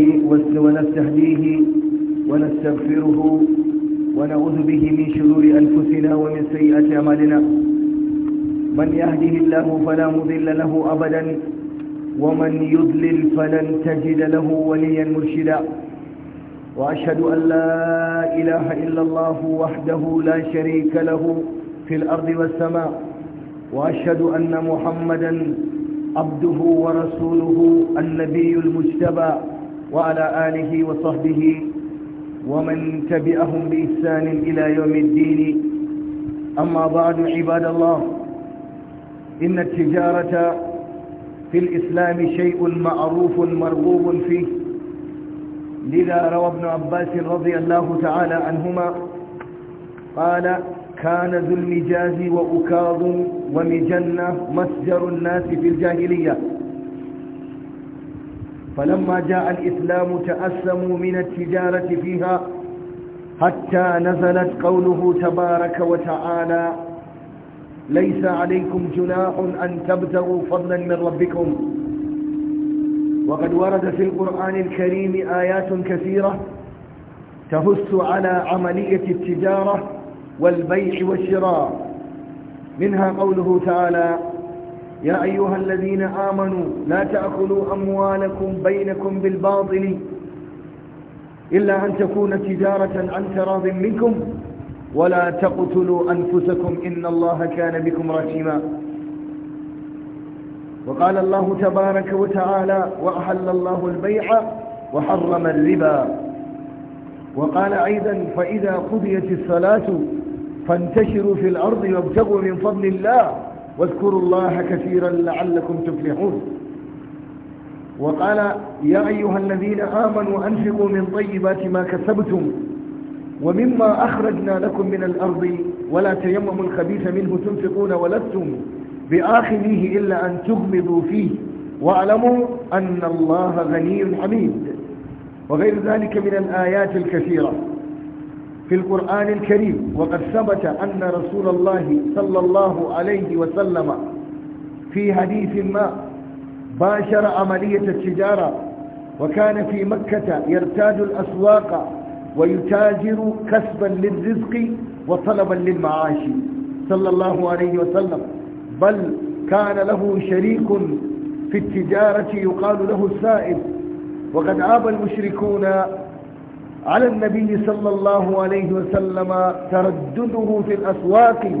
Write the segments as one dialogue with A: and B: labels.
A: ونستهديه ونستغفره ونعوذ به من شرور أنفسنا ومن سيئات أعمالنا من يهده الله فلا مضل له أبدا ومن يضلل فلن تجد له وليا مرشدا وأشهد أن لا إله إلا الله وحده لا شريك له في الأرض والسماء وأشهد أن محمدا عبده ورسوله النبي المجتبى وعلى آله وصحبه ومن تبعهم بإحسان إلى يوم الدين أما بعد عباد الله إن التجارة في الإسلام شيء معروف مرغوب فيه لذا روى ابن عباس رضي الله تعالى عنهما قال كان ذو المجاز وأكاظ ومجنة مسجر الناس في الجاهلية فلما جاء الإسلام تأسموا من التجارة فيها حتى نزلت قوله تبارك وتعالى ليس عليكم جناح أن تبتغوا فضلا من ربكم وقد ورد في القرآن الكريم آيات كثيرة تهس على عملية التجارة والبيع والشراء منها قوله تعالى يا أيها الذين آمنوا لا تأكلوا أموالكم بينكم بالباطل إلا أن تكون تجارة عن تراض منكم ولا تقتلوا أنفسكم إن الله كان بكم رحيما وقال الله تبارك وتعالى وأحل الله البيع وحرم الربا وقال أيضا فإذا قضيت الصلاة فانتشروا في الأرض وابتغوا من فضل الله واذكروا الله كثيرا لعلكم تفلحون وقال يا أيها الذين آمنوا أنفقوا من طيبات ما كسبتم ومما أخرجنا لكم من الأرض ولا تيمموا الخبيث منه تنفقون ولستم بآخذيه إلا أن تغمضوا فيه واعلموا أن الله غني حميد وغير ذلك من الآيات الكثيرة في القرآن الكريم وقد ثبت أن رسول الله صلى الله عليه وسلم في حديث ما باشر عملية التجارة وكان في مكة يرتاج الأسواق ويتاجر كسبا للرزق وطلبا للمعاش صلى الله عليه وسلم بل كان له شريك في التجارة يقال له السائب وقد عاب المشركون على النبي صلى الله عليه وسلم تردده في الأسواق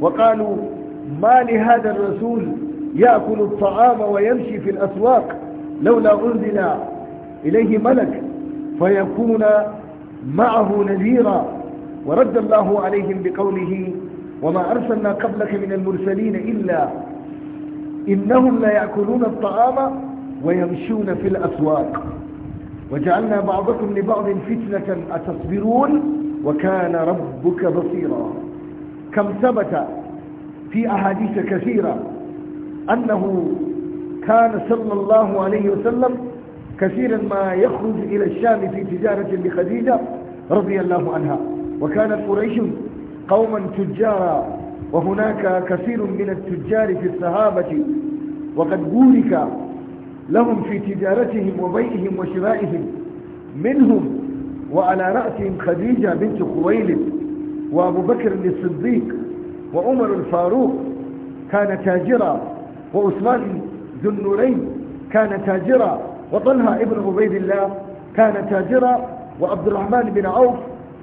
A: وقالوا ما لهذا الرسول يأكل الطعام ويمشي في الأسواق لولا أنزل إليه ملك فيكون معه نذيرا ورد الله عليهم بقوله وما أرسلنا قبلك من المرسلين إلا إنهم لا يأكلون الطعام ويمشون في الأسواق وجعلنا بعضكم لبعض فتنة أتصبرون وكان ربك بصيرا كم ثبت في أحاديث كثيرة أنه كان صلى الله عليه وسلم كثيرا ما يخرج إلى الشام في تجارة لخديجة رضي الله عنها وكانت قريش قوما تجارا وهناك كثير من التجار في الصحابة وقد بورك لهم في تجارتهم وبيعهم وشرائهم منهم وعلى رأسهم خديجة بنت خويلد وأبو بكر الصديق وعمر الفاروق كان تاجرا وعثمان ذو النورين كان تاجرا وطلها ابن عبيد الله كان تاجرا وعبد الرحمن بن عوف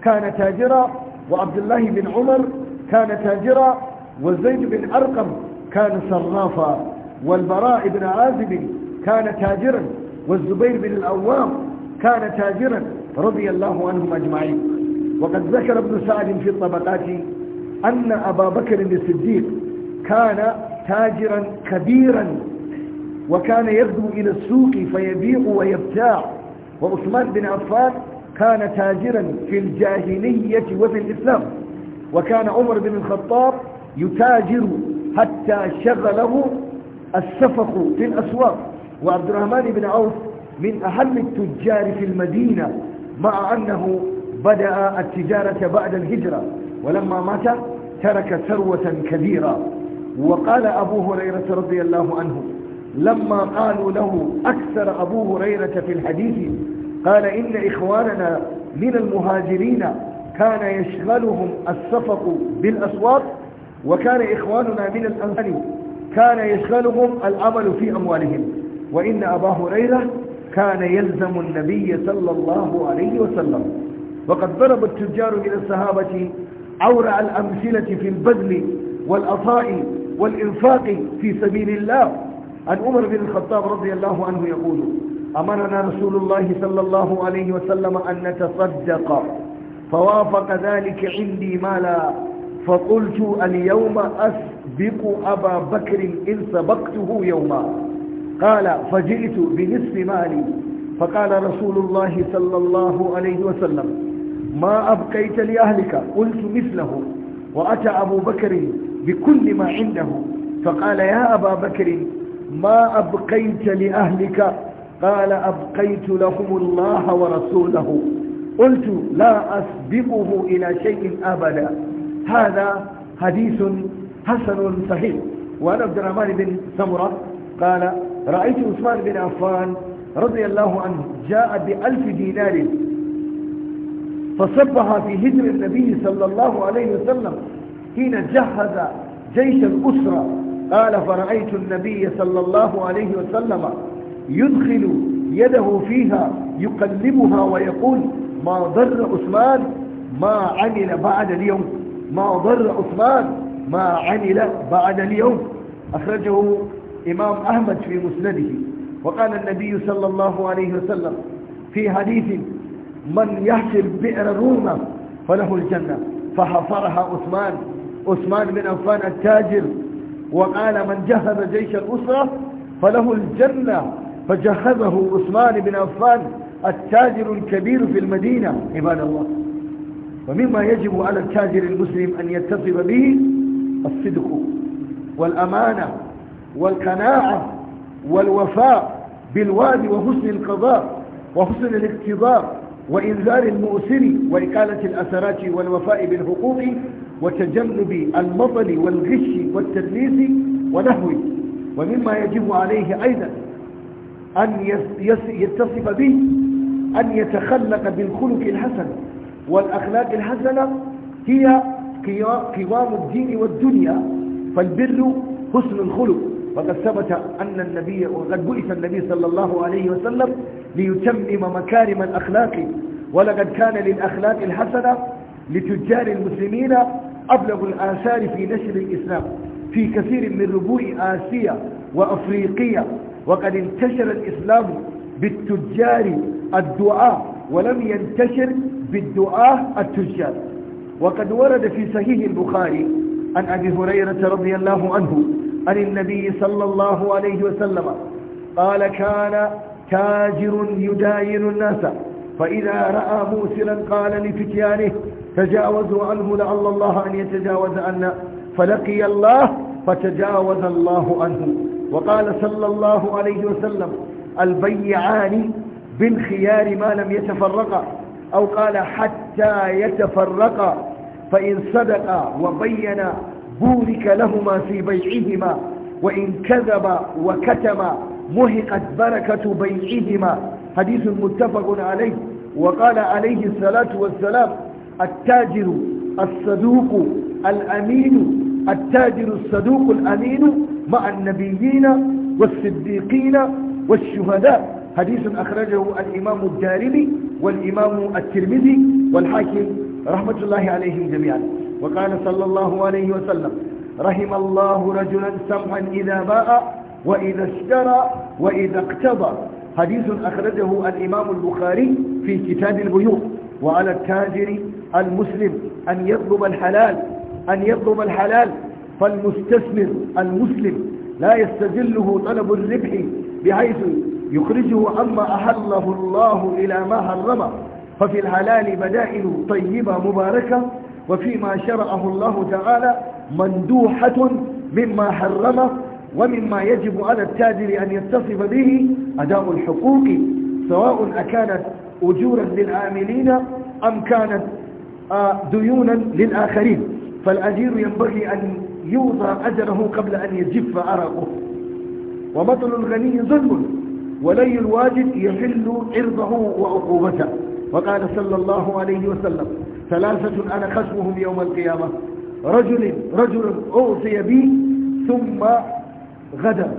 A: كان تاجرا وعبد الله بن عمر كان تاجرا وزيد بن أرقم كان صرافا والبراء بن عازب كان تاجرا والزبير بن الأوام كان تاجرا رضي الله عنهم أجمعين وقد ذكر ابن سعد في الطبقات أن أبا بكر الصديق كان تاجرا كبيرا وكان يغدو إلى السوق فيبيع ويبتاع وعثمان بن عفان كان تاجرا في الجاهلية وفي الإسلام وكان عمر بن الخطاب يتاجر حتى شغله السفق في الأسواق وعبد الرحمن بن عوف من أهم التجار في المدينة مع أنه بدأ التجارة بعد الهجرة ولما مات ترك ثروة كبيرة وقال أبو هريرة رضي الله عنه لما قالوا له أكثر أبو هريرة في الحديث قال إن إخواننا من المهاجرين كان يشغلهم الصفق بالأسواق وكان إخواننا من الأنصار كان يشغلهم العمل في أموالهم وإن أبا هريرة كان يلزم النبي صلى الله عليه وسلم وقد ضرب التجار من الصحابة أورع الأمثلة في البذل والأطاء والإنفاق في سبيل الله عن عمر بن الخطاب رضي الله عنه يقول أمرنا رسول الله صلى الله عليه وسلم أن نتصدق فوافق ذلك عندي مالا فقلت اليوم أسبق أبا بكر إن سبقته يوما قال فجئت بنصف مالي فقال رسول الله صلى الله عليه وسلم ما أبقيت لأهلك قلت مثله وأتى أبو بكر بكل ما عنده فقال يا أبا بكر ما أبقيت لأهلك قال أبقيت لهم الله ورسوله قلت لا أسبقه إلى شيء أبدا هذا حديث حسن صحيح وعن عبد الرحمن بن سمرة قال رأيت عثمان بن عفان رضي الله عنه جاء بألف دينار فصبها في هجر النبي صلى الله عليه وسلم حين جهز جيش الأسرة قال فرأيت النبي صلى الله عليه وسلم يدخل يده فيها يقلبها ويقول ما ضر عثمان ما عمل بعد اليوم ما ضر عثمان ما عمل بعد اليوم أخرجه إمام أحمد في مسنده وقال النبي صلى الله عليه وسلم في حديث من يحفر بئر روما فله الجنة فحفرها عثمان عثمان بن عفان التاجر وقال من جهز جيش الأسرة فله الجنة فجهزه عثمان بن عفان التاجر الكبير في المدينة عباد الله ومما يجب على التاجر المسلم أن يتصف به الصدق والأمانة والقناعة والوفاء بالواد وحسن القضاء وحسن الاقتضاء وإنذار المؤسر وإقالة الأسرات والوفاء بالحقوق وتجنب المطل والغش والتدليس ونحوه ومما يجب عليه أيضا أن يتصف به أن يتخلق بالخلق الحسن والأخلاق الحسنة هي قوام الدين والدنيا فالبر حسن الخلق وقد ثبت أن النبي وقد بعث النبي صلى الله عليه وسلم ليتمم مكارم الأخلاق ولقد كان للأخلاق الحسنة لتجار المسلمين أبلغ الآثار في نشر الإسلام في كثير من ربوع آسيا وأفريقيا وقد انتشر الإسلام بالتجار الدعاء ولم ينتشر بالدعاء التجار وقد ورد في صحيح البخاري عن أبي هريرة رضي الله عنه عن النبي صلى الله عليه وسلم قال كان تاجر يداين الناس فإذا رأى موسلا قال لفتيانه تجاوزوا عنه لعل الله أن يتجاوز عنا فلقي الله فتجاوز الله عنه وقال صلى الله عليه وسلم البيعان بالخيار ما لم يتفرقا أو قال حتى يتفرقا فإن صدقا وبينا بورك لهما في بيعهما وإن كذب وكتم مهقت بركة بيعهما حديث متفق عليه وقال عليه الصلاة والسلام التاجر الصدوق الأمين التاجر الصدوق الأمين مع النبيين والصديقين والشهداء حديث أخرجه الإمام الدارمي والإمام الترمذي والحاكم رحمة الله عليهم جميعا وقال صلى الله عليه وسلم رحم الله رجلا سمعا إذا باء وإذا اشترى وإذا اقتضى حديث أخرجه الإمام البخاري في كتاب البيوع وعلى التاجر المسلم أن يطلب الحلال أن يطلب الحلال فالمستثمر المسلم لا يستجله طلب الربح بحيث يخرجه عما أحله الله إلى ما حرمه ففي الحلال بدائل طيبة مباركة وفيما شرعه الله تعالى مندوحة مما حرمه ومما يجب على التاجر أن يتصف به أداء الحقوق سواء أكانت أجورا للعاملين أم كانت آه، ديونا للآخرين فالأجير ينبغي أن يوضع أجره قبل أن يجف عرقه ومثل الغني ظلم ولي الواجد يحل عرضه وعقوبته وقال صلى الله عليه وسلم ثلاثة أنا خصمهم يوم القيامة رجل رجل أعطي بي ثم غدر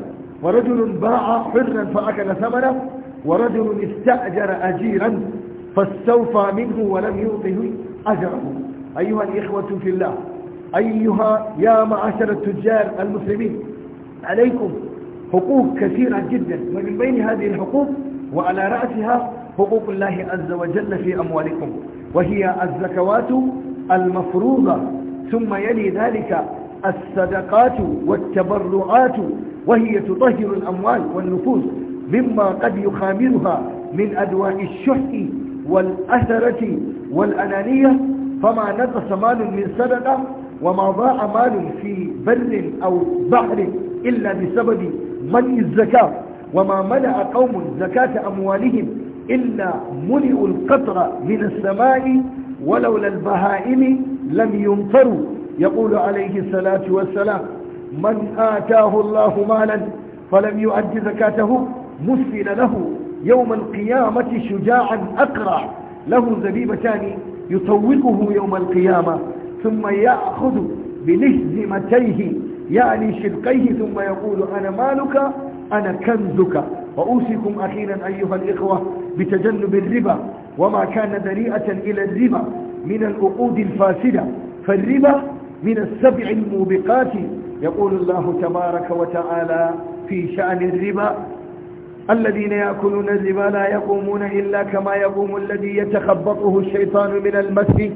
A: ورجل باع حرا فأكل ثمنه ورجل استأجر أجيرا فاستوفى منه ولم يعطه أجره أيها الإخوة في الله أيها يا معاشر التجار المسلمين عليكم حقوق كثيرة جدا ومن بين هذه الحقوق وعلى رأسها حقوق الله عز وجل في أموالكم وهي الزكوات المفروضة ثم يلي ذلك الصدقات والتبرعات وهي تطهر الأموال والنفوس مما قد يخامرها من أدواء الشح والأثرة والأنانية فما نقص مال من صدقة وما ضاع مال في بر أو بحر إلا بسبب من الزكاة وما منع قوم زكاة أموالهم إلا ملئوا القطر من السماء ولولا البهائم لم يمطروا يقول عليه الصلاة والسلام من آتاه الله مالا فلم يؤد زكاته مسفل له يوم القيامة شجاعا أقرع له زبيبتان يطوقه يوم القيامة ثم يأخذ بنهزمتيه يعني شدقيه ثم يقول أنا مالك أنا كنزك وأوصيكم أخيرا أيها الإخوة بتجنب الربا وما كان ذريئة إلى الربا من الأقود الفاسدة فالربا من السبع الموبقات يقول الله تبارك وتعالى في شأن الربا الذين يأكلون الربا لا يقومون إلا كما يقوم الذي يتخبطه الشيطان من المسجد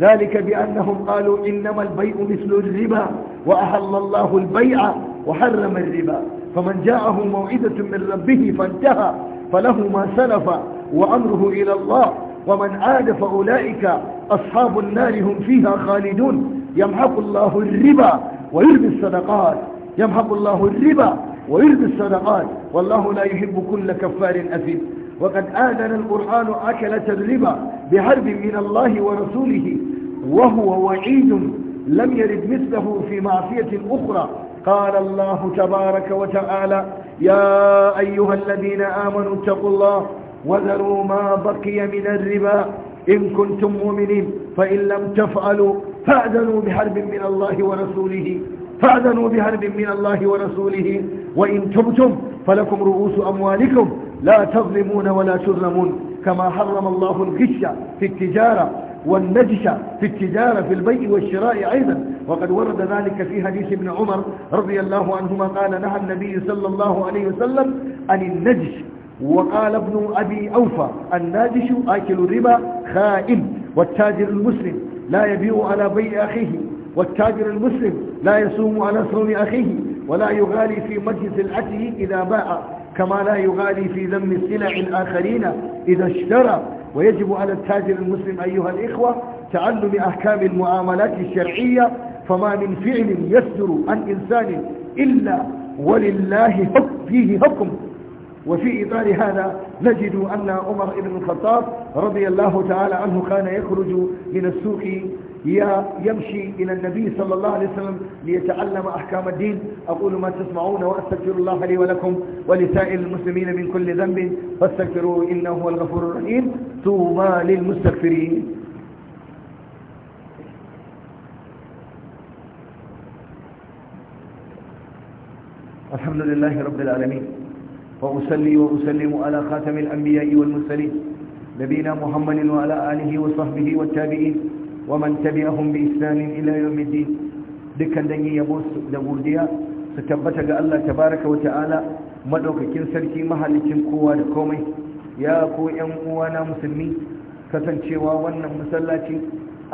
A: ذلك بأنهم قالوا إنما البيع مثل الربا وأحل الله البيع وحرم الربا فمن جاءه موعدة من ربه فانتهى فله ما سلف وأمره إلى الله ومن عاد فأولئك أصحاب النار هم فيها خالدون يمحق الله الربا ويربي الصدقات يمحق الله الربا ويربي الصدقات والله لا يحب كل كفار أثيم وقد آذن القرآن أكلة الربا بحرب من الله ورسوله وهو وعيد لم يرد مثله في معصية أخرى قال الله تبارك وتعالى يا أيها الذين آمنوا اتقوا الله وذروا ما بقي من الربا إن كنتم مؤمنين فإن لم تفعلوا فأذنوا بحرب من الله ورسوله فأذنوا بحرب من الله ورسوله وإن تبتم فلكم رؤوس أموالكم لا تظلمون ولا تظلمون كما حرم الله الغش في التجارة والنجش في التجارة في البيع والشراء أيضا وقد ورد ذلك في حديث ابن عمر رضي الله عنهما قال نهى النبي صلى الله عليه وسلم عن النجش وقال ابن أبي أوفى الناجش آكل الربا خائن والتاجر المسلم لا يبيع على بيع أخيه والتاجر المسلم لا يصوم على صوم أخيه ولا يغالي في مجلس سلعته إذا باع كما لا يغالي في ذم السلع الآخرين إذا اشترى ويجب على التاجر المسلم أيها الإخوة تعلم أحكام المعاملات الشرعية فما من فعل يصدر عن إنسان إلا ولله فيه حكم وفي إطار هذا نجد أن عمر بن الخطاب رضي الله تعالى عنه كان يخرج من السوق يمشي إلى النبي صلى الله عليه وسلم ليتعلم أحكام الدين أقول ما تسمعون وأستغفر الله لي ولكم ولسائر المسلمين من كل ذنب فاستغفروه إنه هو الغفور الرحيم ثم للمستغفرين الحمد لله رب العالمين وأسلي وأسلم على خاتم الأنبياء والمرسلين نبينا محمد وعلى آله وصحبه والتابعين ومن تبعهم بإحسان إلى يوم الدين dukkan dan yi da godiya su tabbata ga Allah tabaraka wa ta'ala madaukakin sarki mahalicin kowa da komai ya ko ƴan uwana musulmi kasancewa wannan masallaci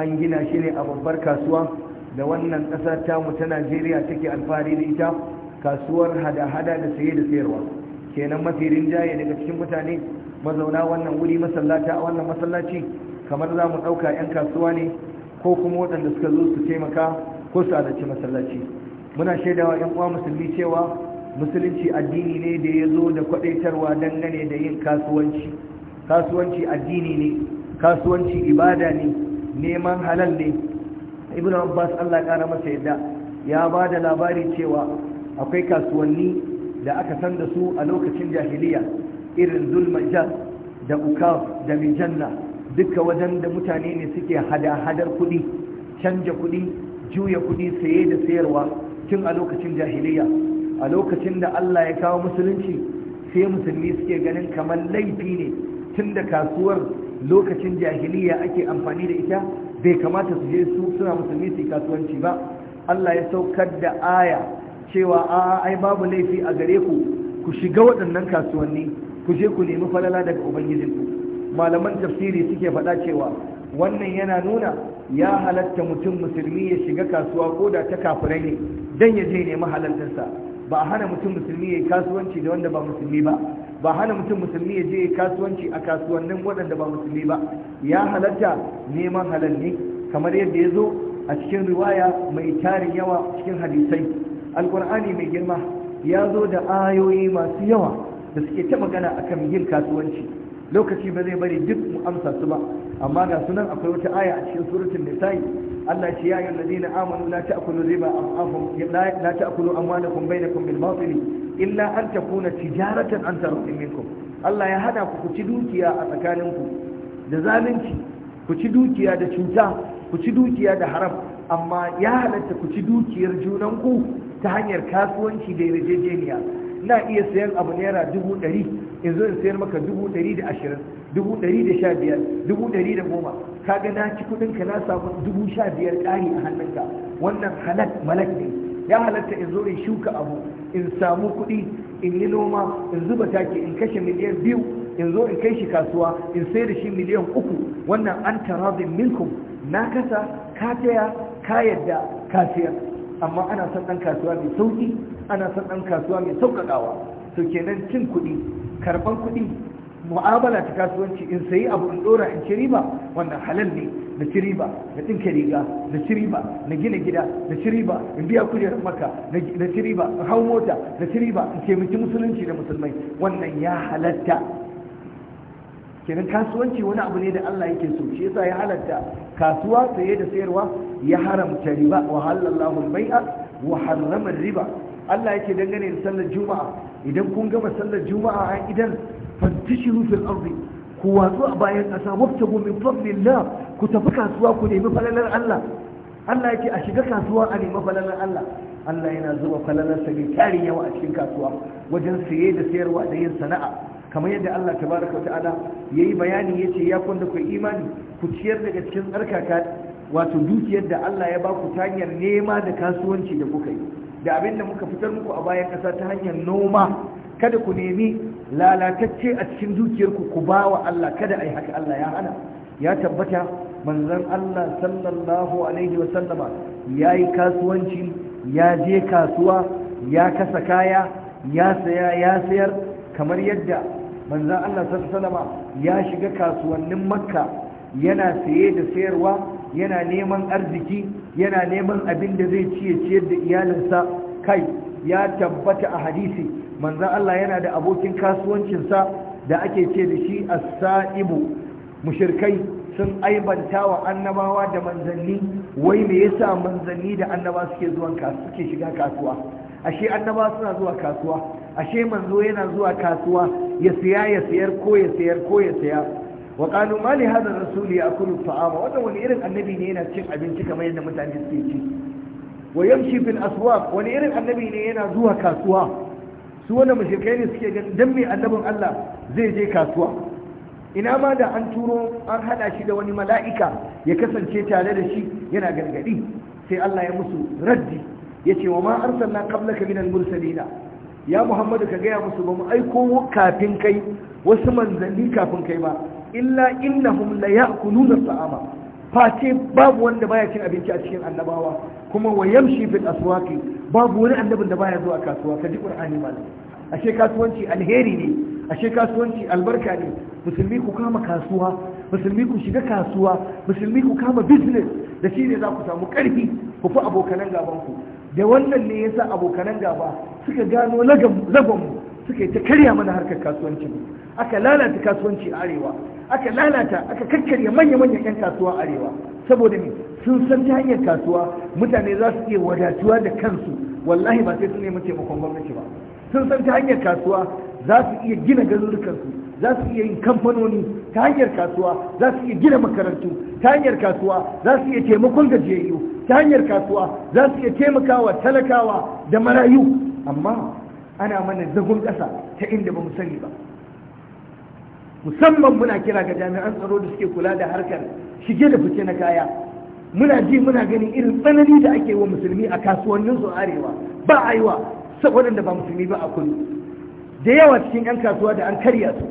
A: an gina shi ne a babbar kasuwa da wannan ƙasa mu ta Najeriya take alfahari da ita kasuwar hada-hada da saye da sayarwa kenan mafi rinjaye daga cikin mutane mazauna wannan wuri masallata a wannan masallaci kamar za mu ɗauka 'yan kasuwa ne ko kuma waɗanda suka zo su taimaka ko su halarci masallaci muna shaidawa 'yan uwa musulmi cewa musulunci addini ne da ya zo da kwaɗaitarwa dangane da yin kasuwanci kasuwanci addini ne kasuwanci ibada ne neman halal ne ibn abbas allah ƙara masa yadda ya ba da labari cewa akwai kasuwanni da aka san da su a lokacin jahiliya irin zulmajar da ukaf da mijanna duka wajen da mutane ne suke hada-hadar kudi, canja kudi, juya kudi, saye da sayarwa tun a lokacin jahiliya a lokacin da Allah ya kawo musulunci sai musulmi suke ganin kamar laifi ne tun da kasuwar lokacin jahiliya ake amfani da ita bai kamata su je su suna musulmi su yi kasuwanci ba Allah ya saukar da aya cewa a ai babu laifi a gare ku ku shiga waɗannan kasuwanni ku je ku nemi falala daga ubangijinku malaman tafsiri suke faɗa cewa wannan yana nuna ya halatta mutum musulmi ya shiga kasuwa ko da ta kafirai ne dan ya je nemi halaltarsa ba a hana mutum musulmi ya yi kasuwanci da wanda ba musulmi ba ba hana mutum musulmi ya je kasuwanci a kasuwannin waɗanda ba musulmi ba ya halatta neman halal ne kamar yadda ya zo a cikin riwaya mai tarin yawa cikin hadisai alkur'ani mai girma ya zo da ayoyi masu yawa da suke ta magana akan yin kasuwanci lokaci ba zai bari duk mu amsa su ba amma ga sunan akwai wata aya a cikin suratul nisa'i Allah ce ya ayyuhal ladina amanu la ta'kulu riba amwalakum la ta'kulu amwalakum bainakum bil batil illa an takuna tijaratan an taradin minkum Allah ya hada ku ku ci dukiya a tsakaninku da zalunci ku ci dukiya da cuta ku ci dukiya da haram amma ya halatta ku ci dukiyar junanku ta hanyar kasuwanci da yarjejeniya na iya sayan abu naira dubu ɗari in zo in sayar maka dubu ɗari da ashirin dubu ɗari da sha biyar dubu ɗari da goma ka ga na ci kuɗin na samu dubu sha biyar ƙari a hannunka wannan halal malak ne ya halatta in zo in shuka abu in samu kuɗi in yi noma in zuba taki in kashe miliyan biyu in zo in kai shi kasuwa in sai da shi miliyan uku wannan an tarazin minkum na kasa ka taya ka yadda ka siyar amma ana son ɗan kasuwa mai sauƙi ana son ɗan kasuwa mai sauƙaƙawa to kenan cin kuɗi karɓan kuɗi mu'amala ta kasuwanci in sayi abu in ɗora in ci riba wannan halal ne na ci riba na ɗinka riga na ci riba na gina gida na ci riba in biya kujerar maka na ci riba in hau mota na ci riba in taimaki musulunci da musulmai wannan ya halatta kenan kasuwanci wani abu ne da Allah yake so shi yasa ya halatta kasuwa saye da sayarwa ya haramta riba wa halallahu al-bai'a wa harrama riba Allah yake dangane da sallar juma'a idan kun gama sallar juma'a a idan fantashiru fil ardi ku watsu a bayan ƙasa wabtagu min fadlillah ku tafi kasuwa ku nemi falalar Allah Allah yake a shiga kasuwa a nemi falalar Allah Allah yana zuba falalar sa tarin yawa a cikin kasuwa wajen saye da sayarwa da yin sana'a kamar yadda Allah tabaraka wa ta'ala yayi bayani yace ya kun da ku imani ku ciyar daga cikin tsarkaka wato dukiyar da Allah ya ba ku ta hanyar nema da kasuwanci da kuka yi da abin da muka fitar muku a bayan ƙasa ta hanyar noma kada ku nemi lalatacce a cikin dukiyarku ku ba wa Allah kada a yi haka Allah ya hana ya tabbata manzon Allah sallallahu alaihi wa sallama ya yi kasuwanci ya je kasuwa ya kasa kaya ya saya ya sayar kamar yadda manzon Allah sallallahu alaihi wa sallama ya shiga kasuwannin makka yana saye da sayarwa yana neman arziki yana neman abin da zai ciye ciyar da iyalinsa kai ya tabbata a hadisi manzan Allah yana da abokin kasuwancinsa da ake ce da shi a saibu mushirkai sun aibanta wa annabawa da manzanni wai me yasa manzanni da annaba suke zuwan suke shiga kasuwa ashe annaba suna zuwa kasuwa ashe manzo yana zuwa kasuwa ya siya ya siyar ko ya siyar ko ya siya wa qalu ma li hadha ar-rasul ya'kulu taama wani irin annabi ne yana cin abinci kamar yadda mutane suke ci wa yamshi fil aswaq wani irin annabi ne yana zuwa kasuwa su mu mushrikai ne suke ganin dan me annabin Allah zai je kasuwa ina ma da an turo an hada shi da wani mala'ika ya kasance tare da shi yana gargadi sai Allah ya musu raddi yace wa ma arsalna qablaka minal mursalina ya Muhammadu ka gaya musu ba mu aiko kafin kai wasu manzanni kafin kai ba illa innahum la ya'kuluna ta'ama face babu wanda baya cin abinci a cikin annabawa kuma wa yamshi fil aswaqi babu wani annabin da baya zuwa kasuwa kaji qur'ani malam ashe kasuwanci alheri ne ashe kasuwanci albarka ne musulmi ku kama kasuwa musulmi ku shiga kasuwa musulmi ku kama business da shi ne za ku samu karfi ku fi abokanan gaban ku da wannan ne yasa abokanan gaba suka gano lagon mu suka yi ta karya mana harkar kasuwanci aka lalata kasuwanci arewa aka lalata aka kakkarya manya-manyan 'yan kasuwa a arewa saboda me sun san ta hanyar kasuwa mutane za su iya wadatuwa da kansu wallahi ba sai sun nemi taimakon gwamnati ba sun san ta hanyar kasuwa za su iya gina garurukansu za su iya yin kamfanoni ta hanyar kasuwa za su iya gina makarantu ta hanyar kasuwa za su iya taimakon gajiyayyu ta hanyar kasuwa za su iya taimakawa talakawa da marayu amma ana mana zagon ƙasa ta inda ba mu sani ba musamman muna kira ga jami'an tsaro da suke kula da harkar shige da fice na kaya muna ji muna ganin irin tsanani da ake wa musulmi a kasuwannin su arewa ba a yi wa waɗanda ba musulmi ba a kudu da yawa cikin 'yan kasuwa da an karya su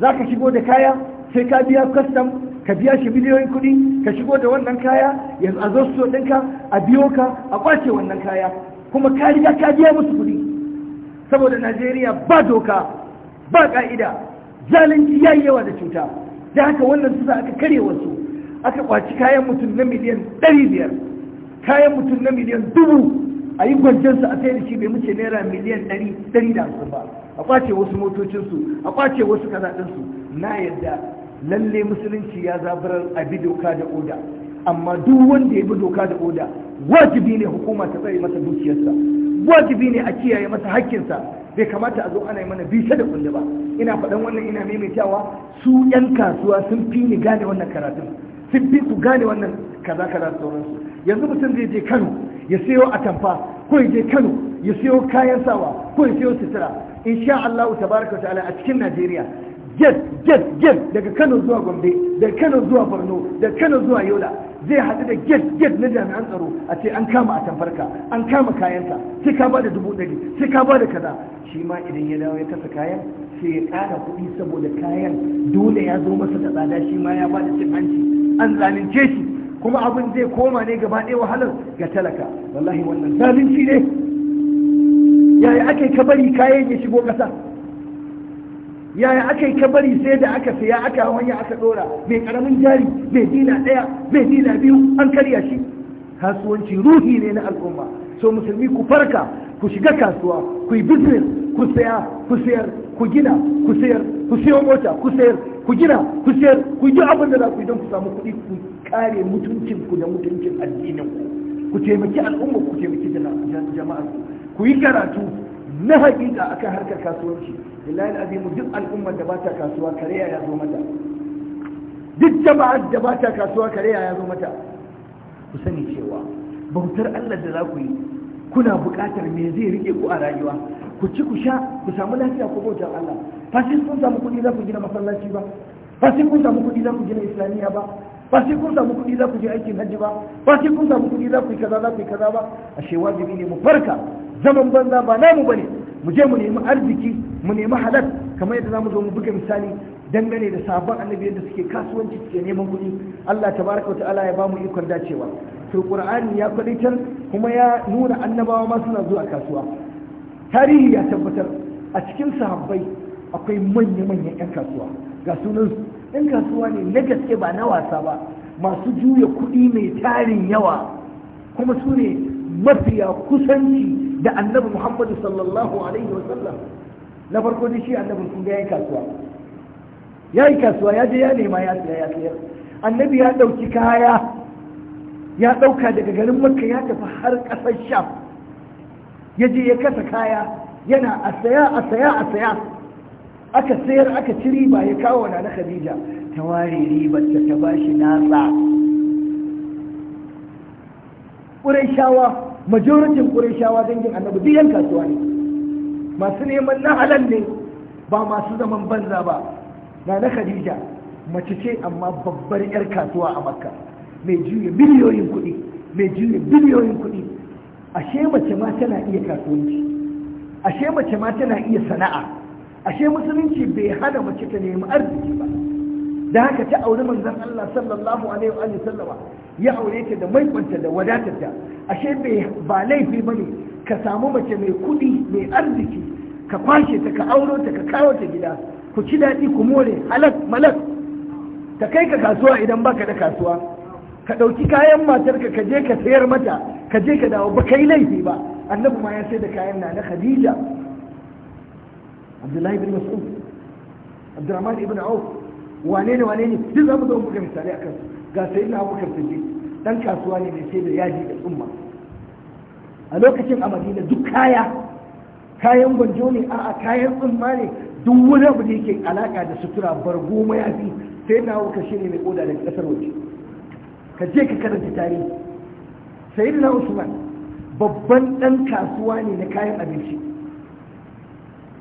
A: za ka shigo da kaya sai ka biya kwastam ka biya shi miliyoyin kuɗi ka shigo da wannan kaya yanzu a zo su ɗinka a biyo ka a kwace wannan kaya kuma ka riga ka biya musu kuɗi saboda najeriya ba doka ba ƙa'ida zalunci ya yi yawa da cuta da haka wannan su aka kare wasu aka kwaci kayan mutum na miliyan ɗari kayan mutum na miliyan dubu a yi gwajensu a sayar shi bai muke naira miliyan ɗari da ba a kwace wasu motocinsu a kwace wasu kazaɗinsu na yadda lalle musulunci ya zaburar a bi doka da oda amma duk wanda ya bi doka da oda wajibi ne hukuma ta tsare masa dukiyarsa wajibi ne a kiyaye masa hakkinsa bai kamata a zo ana yi mana bisa da kulle ba ina faɗan wannan ina maimaitawa su yan kasuwa sun fi ni gane wannan karatun sun fi ku gane wannan kaza kaza sauransu yanzu mutum zai je kano ya sayo atamfa ko ya je kano ya sayo kayan sawa ko ya sayo sutura insha Allah tabaraka ta'ala a cikin Najeriya jet jet jet daga Kano zuwa Gombe daga Kano zuwa Borno daga Kano zuwa Yola zai haɗu da get get na jami'an tsaro a ce an kama a tamfarka an kama kayanta sai ka ba da dubu ɗari sai ka ba da kaza shi ma idan ya dawo ya kasa kayan sai ya ƙara kuɗi saboda kayan dole ya zo masa da tsada shi ma ya ba da cin hanci an zalunce shi kuma abin zai koma ne gaba ɗaya wahalar ga talaka wallahi wannan zalunci ne yaya ake ka bari kayan ya shigo ƙasa yaya aka yi kabari sai da aka saya aka ya aka dora mai karamin jari mai dina daya mai dina biyu an karya shi kasuwanci ruhi ne na al'umma so musulmi ku farka ku shiga kasuwa ku yi business ku saya ku sayar ku gina ku sayar ku sayo mota ku sayar ku gina ku sayar ku yi abin da za ku yi don ku samu kuɗi ku kare mutuncin ku da mutuncin addinin ku ku taimaki al'umma ku taimaki jama'a ku yi karatu na hakika akan harkar kasuwanci lillahi azim duk al'ummar da ba ta kasuwa kare ya zo mata duk jama'ar da ba ta kasuwa kare ya zo mata ku sani cewa bautar Allah da za ku yi kuna buƙatar me zai rike ku a rayuwa ku ci ku sha ku samu lafiya ku bautar Allah fasin kun samu kuɗi za ku gina masallaci ba fasin kun samu kuɗi za ku gina islamiyya ba Fasin kun samu kuɗi za ku je aikin hajji ba Fasin kun samu kuɗi za ku yi kaza za ku yi kaza ba ashe wajibi ne mu farka zaman banza ba namu bane mu je mu nemi arziki mu nemi halal kamar yadda zamu zo mu buga misali dangane da sabon annabi da suke kasuwanci suke neman kuɗi Allah tabaraka ta'ala ya bamu ikon dacewa to qur'ani ya kwalitar kuma ya nuna annabawa ma suna zuwa kasuwa tarihi ya tabbatar a cikin sahabbai akwai manya-manyan 'yan kasuwa ga sunan 'yan kasuwa ne na gaske ba na wasa ba masu juya kuɗi mai tarin yawa kuma su ne mafiya kusanci da annabi muhammadu sallallahu alaihi wasallam na farko da shi annabin kun ga yayi kasuwa yayi kasuwa ya je ya nema ya siya ya siyar annabi ya dauki kaya ya dauka daga garin makka ya tafi har kasar sham ya je ya kasa kaya yana a saya a saya a saya aka sayar aka ci riba ya kawo na na khadija ta ware ribar ta bashi nasa ƙurai shawa majoritin ƙurashawa dangin annabi duk yan kasuwa ne masu neman na halal ne ba masu zaman banza ba na na khadija mace ce amma babbar yar kasuwa a makka mai juya miliyoyin kuɗi mai juya biliyoyin kuɗi ashe mace ma tana iya kasuwanci ashe mace ma tana iya sana'a ashe musulunci bai hana mace ta nemi arziki ba da haka ta auri manzan Allah sallallahu alaihi wa sallama ya aure ta da kwanta da wadatarta ashe bai ba laifi bane ka samu mace mai kudi mai arziki ka kwashe ta ka auro ta ka kawo ta gida ku ci daɗi ku more halak malak ta kai ka kasuwa idan baka da kasuwa ka ɗauki kayan matar ka je ka sayar mata ka je ka dawo ba kai laifi ba annabi ma ya sai da kayan na na khadija abdullahi bin mas'ud abdurrahman ibn auf wane ne wane ne duk za zo buga misali a ga sai na abubakar siddiq dan kasuwa ne mai sai da yaji da tsumma a lokacin a madina duk kaya kayan gwanjo ne a'a kayan tsumma ne duk wani abu da yake alaka da sutura bargo mayafi sai na abubakar shi ne mai koda da kasar waje ka je ka karanta tarihi na usman babban dan kasuwa ne na kayan abinci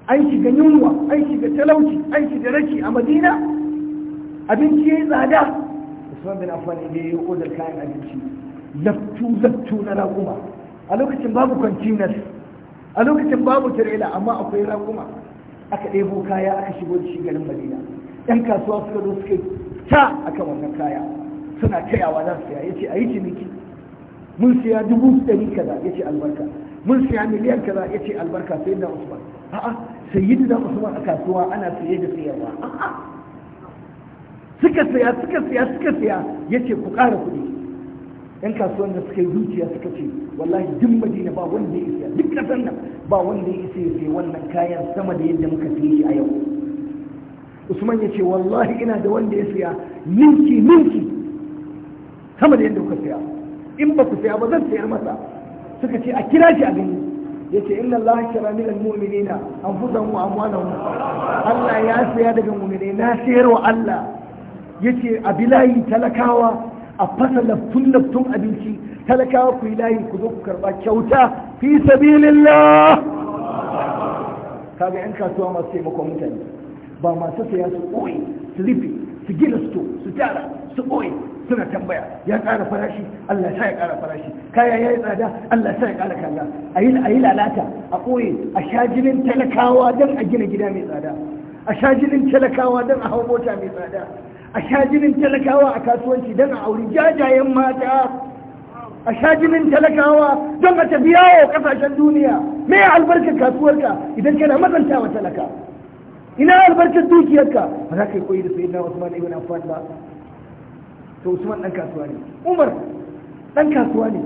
A: an shiga yunwa an shiga talauci an shiga raki a madina abinci ya yi tsada usman bin affan ya yi odar kayan abinci laftu laftu na raƙuma a lokacin babu kwantinas a lokacin babu tirela amma akwai raƙuma aka ɗebo kaya aka shigo da shi garin madina yan kasuwa suka zo suka ta kan wannan kaya suna tayawa za su siya ya ce a yi ciniki mun siya dubu ɗari kaza ya ce albarka mun siya miliyan kaza ya ce albarka sai da usman a'a da usman a kasuwa ana siye da siyarwa a'a suka saya suka saya suka saya ya ce ku ƙara kuɗi yan kasuwan da suka yi zuciya suka ce wallahi duk madina ba wanda ya isa duk kasan nan ba wanda ya isa ya sai wannan kayan sama da yadda muka siye a yau usman ya ce wallahi ina da wanda ya siya ninki ninki sama da yadda kuka siya in ba ku saya ba zan sayar masa suka ce a kira shi a gani ya ce inna allaha shara min al-mu'minina anfusahum wa amwalahum Allah ya siya daga mu'minai na sayar wa Allah yace a bilayi talakawa a fasa laftun laftun abinci talakawa ku yi layi ku zo ku karba kyauta fi sabilillah kaga yan kasuwa masu taimako mutane ba masu saya su koyi su rufe su gina sto su tara su koyi suna tambaya ya ƙara farashi Allah sa ya ƙara farashi kaya ya yi tsada Allah sa ya ƙara kaza a yi lalata a ɓoye a sha jinin talakawa don a gina gida mai tsada a sha jinin talakawa don a hau mota mai tsada a sha jinin talakawa a kasuwanci don a auri jajayen mata a sha jinin talakawa don a tafi yawo kasashen duniya me ya albarka kasuwarka idan kana matsanta wa talaka ina albarkar dukiyarka ba za ka yi koyi da wasu na sayyidina usman ibn affan ba to usman dan kasuwa ne umar dan kasuwa ne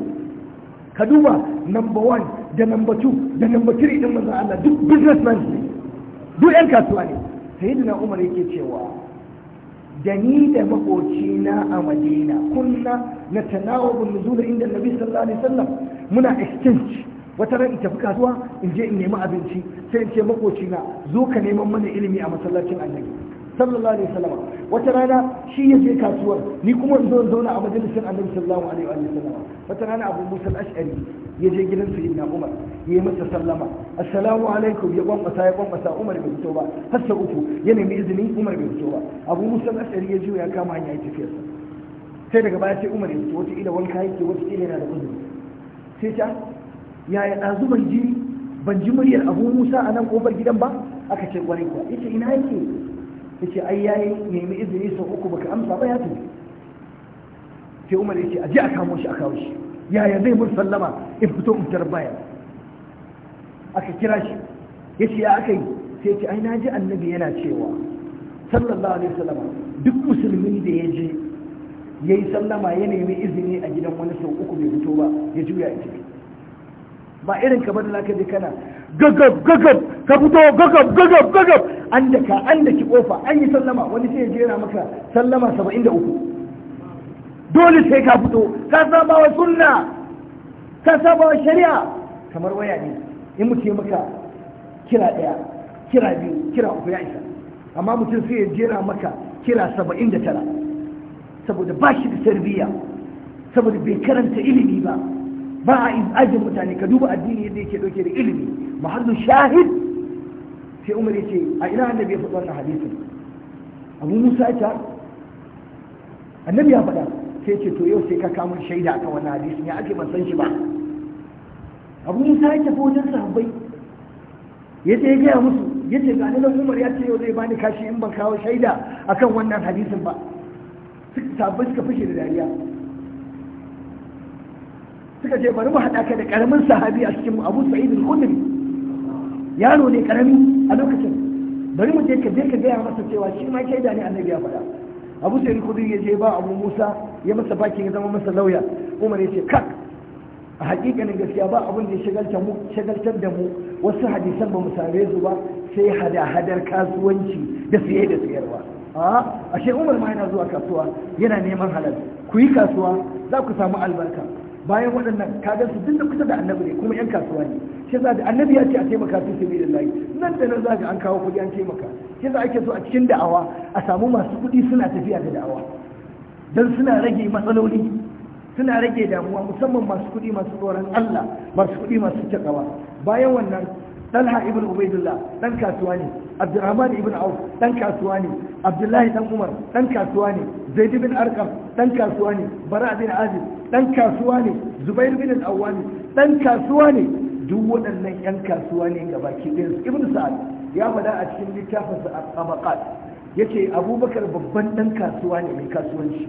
A: ka duba number one da number two da number three din manzon Allah duk businessman ne duk yan kasuwa ne sayyidina umar yake cewa da ni da makocina a madina kunna na tanawabun nuzul inda nabi sallallahu alaihi wasallam muna exchange wata ran in tafi kasuwa in je in nemi abinci sai in ce makocina zo ka neman mana ilimi a masallacin annabi sallallahu alaihi wasallam wata rana shi ya je kasuwar ni kuma in zo in zauna a majalisar annabi sallallahu alaihi wa sallam wata rana abu musa al-ash'ari ya je gidan sayyidina umar ya yi masa sallama assalamu alaikum ya kwamfasa ya kwamfasa umar bai fito ba har sa uku ya nemi izini umar bai fito ba abu musa al-ash'ari ya juya ya kama hanya ya tafiyarsa sai daga baya sai umar ya fito wata ila wanka yake wata ila yana da uzuri sai ta yaya ɗazu ban ji ban ji muryar abu musa a nan kofar gidan ba aka ce kwarai kuwa ita ina yake yace ai yayi nemi izini sau uku baka amsa ba ya ce sai Umar ce a ji a kamo shi a kawo shi yaya zai mun sallama in fito in tarbaya aka kira shi yace ya aka yi sai ce ai naji annabi yana cewa sallallahu alaihi wasallam duk musulmin da ya je yayi sallama ya nemi izini a gidan wani sau uku bai fito ba ya juya ya ba irin kamar da zaka je kana gagab gagab ka fito gagab gagab gagab an da ka an da ki kofa an yi sallama wani sai jera maka sallama saba'in da uku dole sai ka fito ka saba wa sunna ka saba wa shari'a kamar waya ne in mutum maka kira ɗaya kira biyu kira uku ya isa amma mutum sai ya jera maka kira saba'in da tara saboda ba shi da tarbiyya saboda bai karanta ilimi ba ba a ajin mutane ka duba addini yadda yake dauke da ilimi mahallin shahid sai umar ya ce a ina annabi ya faɗi wannan hadisin abu musa ya annabi ya faɗa sai ce to yau sai ka kamun shaida akan wannan hadisin ya ake ban san shi ba abu musa ya tafi wajen sahabbai ya ce ya gaya musu ya ce ga nan umar ya ce yau zai bani kashi in ban kawo shaida akan wannan hadisin ba sahabbai suka fushi da dariya suka ce bari mu haɗa ka da ƙaramin sahabi a cikin abu sa'id al-khudri yaro ne ƙarami a lokacin bari mu je ka je ka gaya masa cewa shi ma shaida ne annabi ya faɗa abu sai kudi ya je ba abu musa ya masa baki ya zama masa lauya umar ya ce kak a hakikanin gaskiya ba abin da ya shagaltar da mu wasu hadisan ba mu same su ba sai hada-hadar kasuwanci da siye da siyarwa a ashe umar ma yana zuwa kasuwa yana neman halal ku yi kasuwa za ku samu albarka bayan waɗannan kaga su tun da kusa da annabi ne kuma yan kasuwa ne shi za da annabi ya ce a taimaka fi layi. nan da nan za ga an kawo kuɗi an taimaka shi za ake so a cikin da'awa a samu masu kuɗi suna tafiya da da'awa Don suna rage matsaloli suna rage damuwa musamman masu kuɗi masu tsoron Allah masu kuɗi masu takawa bayan wannan Talha ibn Ubaidullah dan kasuwa ne Abdurrahman ibn Auf dan kasuwa ne Abdullahi dan Umar dan kasuwa ne Zaid ibn Arqam dan kasuwa ne Bara bin Azib dan kasuwa ne Zubairu bin al-awwam dan kasuwa ne duk waɗannan yan kasuwa ne ga baki ɗayan ibn sa'ad ya faɗa a cikin littafinsa al-tabaqat yace abubakar babban dan kasuwa ne mai kasuwanci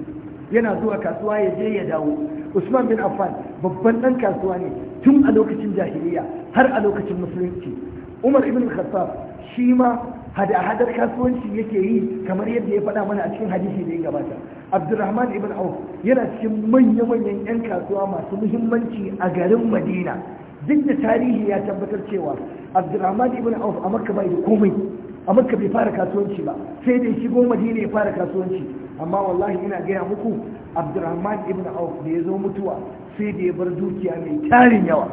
A: yana zuwa kasuwa ya je ya dawo usman bin affan babban dan kasuwa ne tun a lokacin jahiliya har a lokacin musulunci umar ibn khattab shi ma hada-hadar kasuwanci yake yi kamar yadda ya faɗa mana a cikin hadisi da ya gabata abdurrahman ibn auf yana cikin manya-manyan 'yan kasuwa masu muhimmanci a garin madina duk da tarihi ya tabbatar cewa abdurrahman ibn auf a makka bai da komai a makka bai fara kasuwanci ba sai dai shigo madina ya fara kasuwanci amma wallahi ina gaya muku abdurrahman ibn auf da ya zo mutuwa sai da ya bar dukiya mai tarin yawa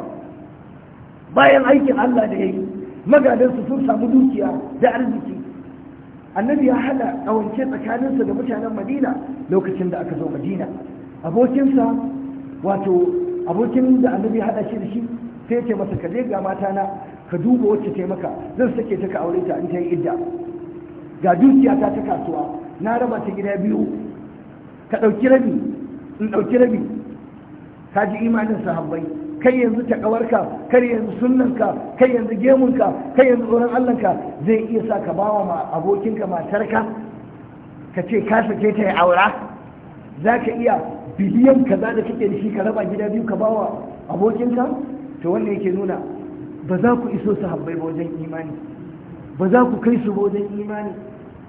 A: bayan aikin allah da ya yi magadansu sun samu dukiya da arziki annabi ya hada kawance tsakaninsa da mutanen madina lokacin da aka zo madina abokinsa wato abokin da annabi ya hada shi da shi sai ce masa ka ga mata na, ka duba wacce ta maka zan sake ta ka aure ta in ta yi idda ga dukiya ta ta kasuwa na raba ta gida biyu ka ɗauki rabi in ɗauki rabi ka ji imanin sahabbai kai yanzu takawarka kai yanzu sunnanka kai yanzu gemunka kai yanzu tsoron allanka zai iya sa ka bawa ma abokinka matarka ka ce ka sake ta ya aura za ka iya biliyan ka za da kake da shi ka raba gida biyu ka bawa abokinka to wannan yake nuna ba za ku iso su habbai ba wajen imani ba za ku kai su ba wajen imani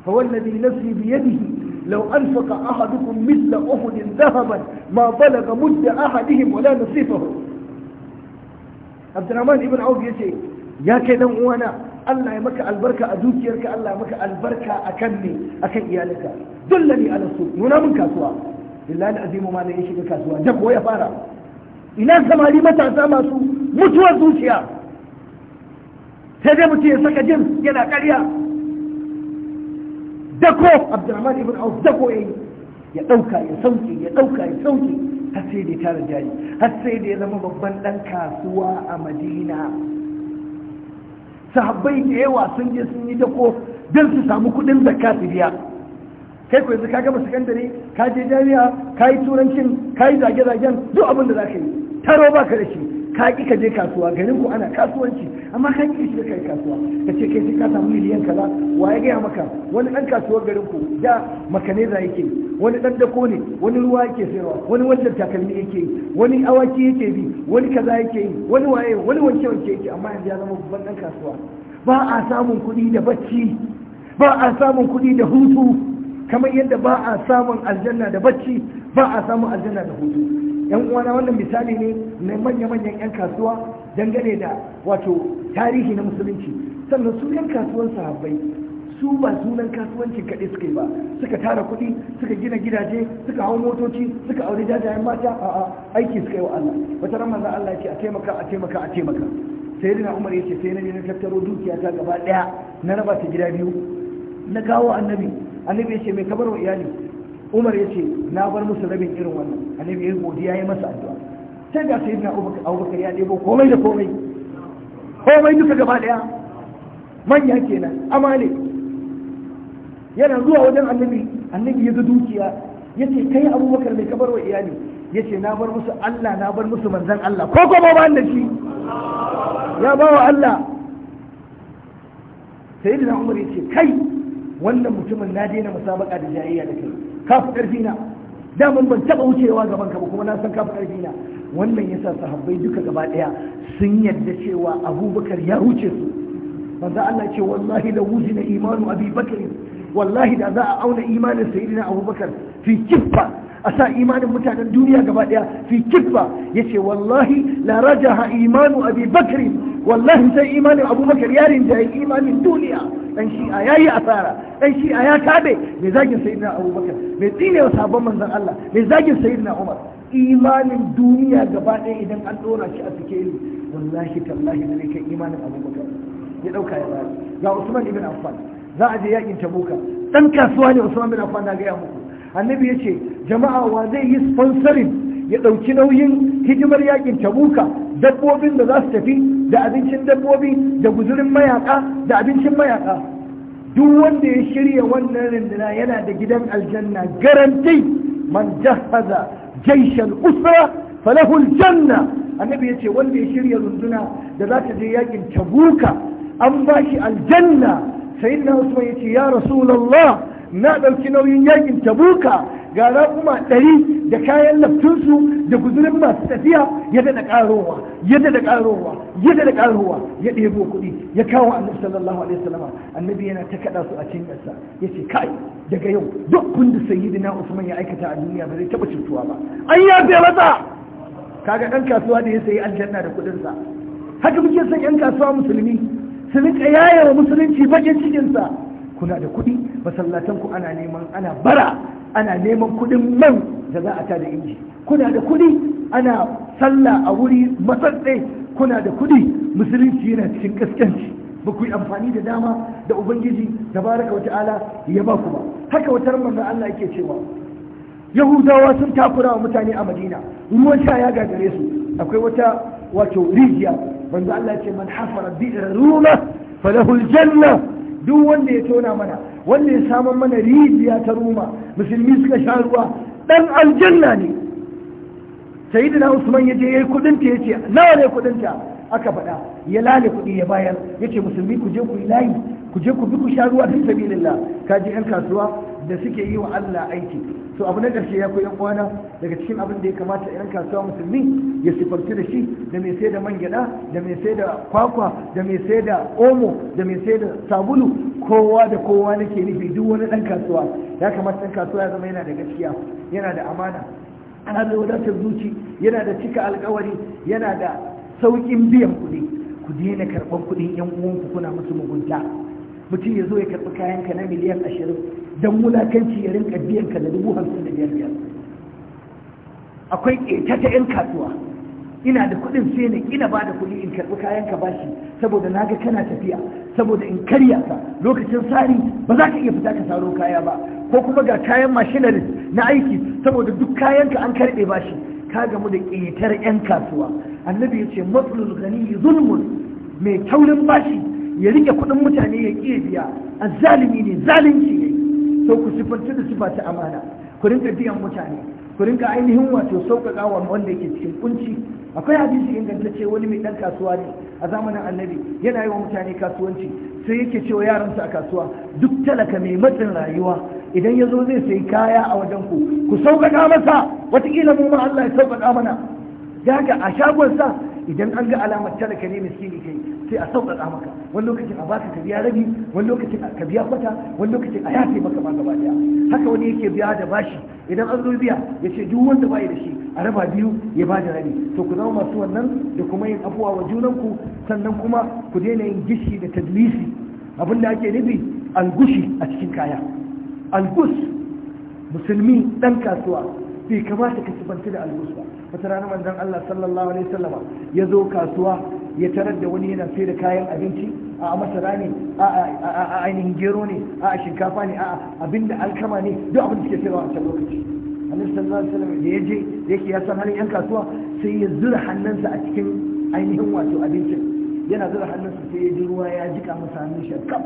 A: fa wallazi nafsi biyadihi لو أنفق أحدكم مثل أحد ذهبا ما بلغ مد أحدهم ولا نصيفه abdurrahman ibn auf yace ya kai dan uwana Allah ya maka albarka a dukiyarka Allah ya maka albarka kan ne kan iyalinka dullani ala su nuna min kasuwa billahi azimu ma ne ya shiga kasuwa jabo ya fara ina samari matasa masu mutuwar zuciya sai dai mutum ya saka jin yana karya? dako abdurrahman ibn auf dako yi. ya ɗauka ya sauke ya ɗauka ya sauke har sai da tara jari har sai da ya zama babban dan kasuwa a madina sahabbai da yawa sun je sun yi dako don su samu kudin zakka su biya kai ko yanzu ka gama sakandare ka je jami'a ka yi turancin ka yi zage-zagen duk abin da za ka yi taro ba ka da shi ka ƙi ka je kasuwa garin ku ana kasuwanci amma kan yi shi kai kasuwa ka ce kai ka samu miliyan kaza wa ya gaya maka wani dan kasuwar garin ku da za yake wani dan dako ne wani ruwa yake sayarwa wani wannan takalmi yake wani awaki yake bi wani kaza yake yi wani waye wani wanke wanke yake amma yanzu ya zama babban dan kasuwa ba a samun kuɗi da bacci ba a samun kuɗi da hutu kamar yadda ba a samun aljanna da bacci ba a samun aljanna da hutu yan uwana wannan misali ne na manya-manyan yan kasuwa dangane da wato tarihi na musulunci sannan sunan yan kasuwan sahabbai su ba sunan kasuwancin kaɗe suka yi ba suka tara kuɗi suka gina gidaje suka hau motoci suka aure jajayen mata a aiki suka yi wa Allah wata ran manzon Allah ce a taimaka a taimaka a taimaka sai dina Umar ce sai na na tattaro dukiya ta gaba ɗaya. na raba ta gida biyu na kawo annabi annabi ya ce mai kabarwa iyali Umar ya ce na bar musu rabin irin wannan annabi ya godiya ya masa addu'a sai ga sai na abubakar ya ɗebo komai da komai komai duka gaba ɗaya manya kenan amale yana zuwa wajen annabi annabi ya ga dukiya ya ce kai abubakar mai kabar wa iyali ya ce na bar musu Allah na bar musu manzan Allah ko ko ba da shi ya ba wa Allah sai da umar ya ce kai wannan mutumin na daina musabaka da jayayya da kai kafin ƙarfi na daman ban taɓa wucewa gaban ka ba kuma na san kafin ƙarfi na wannan yasa sahabbai duka gaba ɗaya sun yadda cewa abubakar ya wuce su manzo Allah ce wallahi wuce na imanu abi wallahi da za a auna imanin sayyidina abubakar fi kiffa a sa imanin mutanen duniya gaba daya fi kiffa ce wallahi la ha imanu abi wallahi sai imanin abubakar ya rinja imanin duniya dan a yayi asara dan shi'a ya kabe mai zagin sayyidina abubakar mai tsinewa sabon manzon Allah mai zagin sayyidina umar imanin duniya gaba ɗaya idan an ɗora shi a yi wallahi tallahi da kai imanin abubakar ya ɗauka ya bayar ga usman ibn affan za a je yakin tabuka dan kasuwa ne usman ibn affan na gaya muku annabi ya ce jama'a wa zai yi sponsoring ya ɗauki nauyin hidimar yakin tabuka dabbobin da za su tafi da abincin dabbobi da guzurin mayaka da abincin mayaka duk wanda ya shirya wannan rindina yana da gidan aljanna garanti man jahaza jaishan usra falahul janna annabi yace wanda ya shirya runduna da za ta je yakin tabuka an bashi aljanna sayyidina usman yace ya rasulullah na ɗauki nauyin yakin tabuka ga kuma ɗari da kayan laftunsu da guzurin masu tafiya ya da ƙarowa ya da ƙarowa ya da ƙarowa ya ɗebo kuɗi ya kawo annabi sallallahu alaihi wasallam annabi yana ta kaɗa su a cikin ƙasa ya ce kai daga yau duk kunda sayyidina usman ya aikata a duniya ba zai taɓa cutuwa ba an ya bai masa kaga ɗan kasuwa da ya sayi aljanna da kuɗinsa haka muke son ƴan kasuwa musulmi su riƙa yayawa musulunci bakin cikinsa kuna da kuɗi masallatan ku ana neman ana bara ana neman kuɗin man da za a ta da inji kuna da kuɗi ana sallah a wuri matsatse kuna da kuɗi musulunci yana cikin kaskanci ba ku yi amfani da dama da ubangiji baraka wa ta'ala ya ba ku ba haka wata da Allah yake cewa yahudawa sun takura wa mutane a madina ruwan sha ya gagare su akwai wata wato rijiya manzo Allah ya ce man hafara bi'runa falahu aljanna duk wanda ya tona mana wanda ya mana rijiya ta ruma, musulmi suka sha ruwa dan aljanna ne sayyidina usman yaje yi kudin ta ce, nawa ne kudin ta aka faɗa ya lale kudi ya bayar yace musulmi ku je ku yi layi ku je ku bi ku sha ruwa fi sabilillah ji yan kasuwa da suke yi wa Allah aiki to abu na ƙarshe ya koyi kwana daga cikin abin da ya kamata yan kasuwa musulmi ya sifarci da shi da mai sai da man gyaɗa da mai sai da kwakwa da mai sai da omo da mai sai da sabulu kowa da kowa nake nufi duk wani ɗan kasuwa ya kamata ɗan kasuwa ya zama yana da gaskiya yana da amana ana da wadatar zuci yana da cika alkawari yana da sauƙin biyan kuɗi ku daina karɓar kuɗin yan uwanku kuna musu mugunta mutum ya zo ya karɓi kayanka na miliyan ashirin don wulakanci ya rinka biyanka da dubu hamsin da biyar biyar akwai ta 'yan kasuwa ina da kuɗin sai ne ina ba da kuɗi in karɓi kayan ka bashi saboda na ga kana tafiya saboda in karya ka lokacin sari ba za ka iya fita ka saro kaya ba ko kuma ga kayan mashinari na aiki saboda duk kayan ka an karɓe bashi ka gamu da ƙetar ƴan kasuwa annabi ya ce matsalul gani zulmun mai taurin bashi ya riƙe kuɗin mutane ya ƙiya biya A zalimi ne zalunci ne so ku sifarci da sifa ta amana ku rinka biyan mutane ku rinka ainihin wato sauƙaƙa wa wanda yake cikin kunci akwai hadisi ingantacce wani mai ɗan kasuwa ne a zamanin annabi yana yi wa mutane kasuwanci sai yake cewa yaransa a kasuwa duk talaka mai matsin rayuwa idan ya zo zai sayi kaya a wajen ku ku sauƙaƙa masa wataƙila mu ma Allah ya sauƙaƙa mana a haka a sa idan an ga alamar talaka ne miskini kai sai a sauƙaƙa maka wani lokacin a baka ka biya rabi wani lokacin ka biya kwata wani lokacin a yafe maka ba gaba daya haka wani yake biya da bashi idan an zo biya ya ce duk wanda bai da shi a raba biyu ya ba da rabi to ku zama masu wannan da kuma yin afuwa wa ku sannan kuma ku daina yin gishi da tadlisi abin da ake nufi algushi a cikin kaya algus musulmi dan kasuwa bai kamata ka sibanta da algus ba wata rana manzon Allah sallallahu alaihi wasallama ya zo kasuwa ya tarar da wani yana sai da kayan abinci a masara ne a ainihin gero ne a shinkafa ne a abinda alkama ne duk abin da suke sayarwa a can lokaci annabi sallallahu alaihi wasallam da ya je yake ya san halin yan kasuwa sai ya zura hannunsa a cikin ainihin wato abincin yana zura hannunsa sai ya ji ruwa ya jika masa hannun shi kam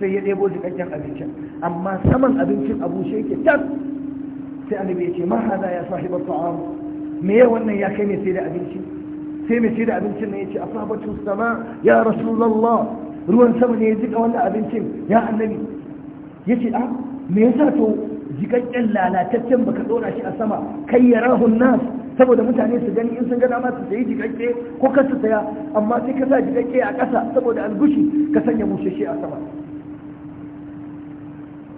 A: sai ya ɗebo jikakken abincin amma saman abincin abu shi yake tas sai annabi ya ce ma hada ya sahibar ta'am me ya wannan ya kai mai sai da abinci sai mai sai da abincin nan yace asabatu sama ya rasulullah ruwan sama ne ya jika wannan abincin ya annabi yace a ah, me yasa to jikakken lalataccen baka dora shi a sama kai ya rahun nas saboda mutane su gani in sun gana ma su sayi jikakke ko kar su saya amma sai ka sa jikakke a ƙasa saboda algushi ka sanya bushashe a sama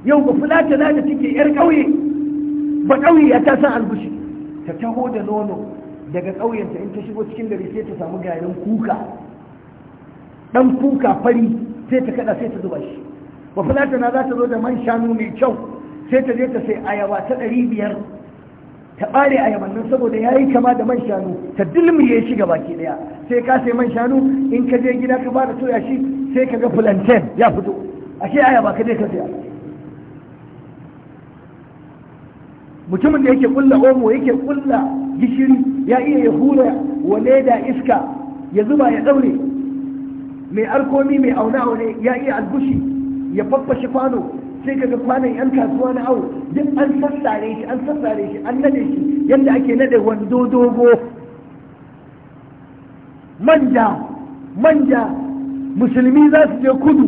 A: yau ba fulata da take yar ƙauye ba ƙauye ya ta san algushi ta taho da nono daga ƙauyenta in ta shigo cikin gari sai ta samu garin kuka ɗan kuka fari sai ta kaɗa sai ta zuba shi ba na za ta zo da man shanu mai kyau sai ta je ta sai ayaba ta ɗari biyar ta ɓare ayaban nan saboda ya yi kama da man shanu ta dilmiye shi ga baki ɗaya sai ka sai man shanu in ka je gida ka fara toya shi sai ka ga plantain ya fito ashe ayaba ka je ka saya mutumin da yake kulla omo yake kulla gishiri ya iya ya hura wa leda iska ya zuba ya daure mai alkomi mai auna aune ya iya albushi ya faffashe kwano sai kaga kwanan yan kasuwa na awo duk an sassare shi an sassare shi an nade shi yadda ake nade wando dogo manja manja musulmi za su je kudu